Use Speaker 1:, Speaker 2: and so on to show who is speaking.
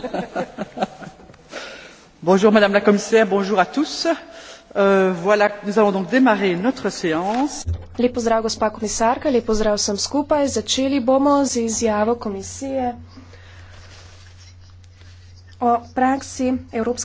Speaker 1: bonjour madame la commissaire bonjour à tous euh, voilà nous allons donc démarrer notre séance lep pozdrav gospa komisarka lep
Speaker 2: pozdrav vsem skupaj začeli bomo z izjavo komisije
Speaker 3: o praksi evropskega sodišča za človekove pravice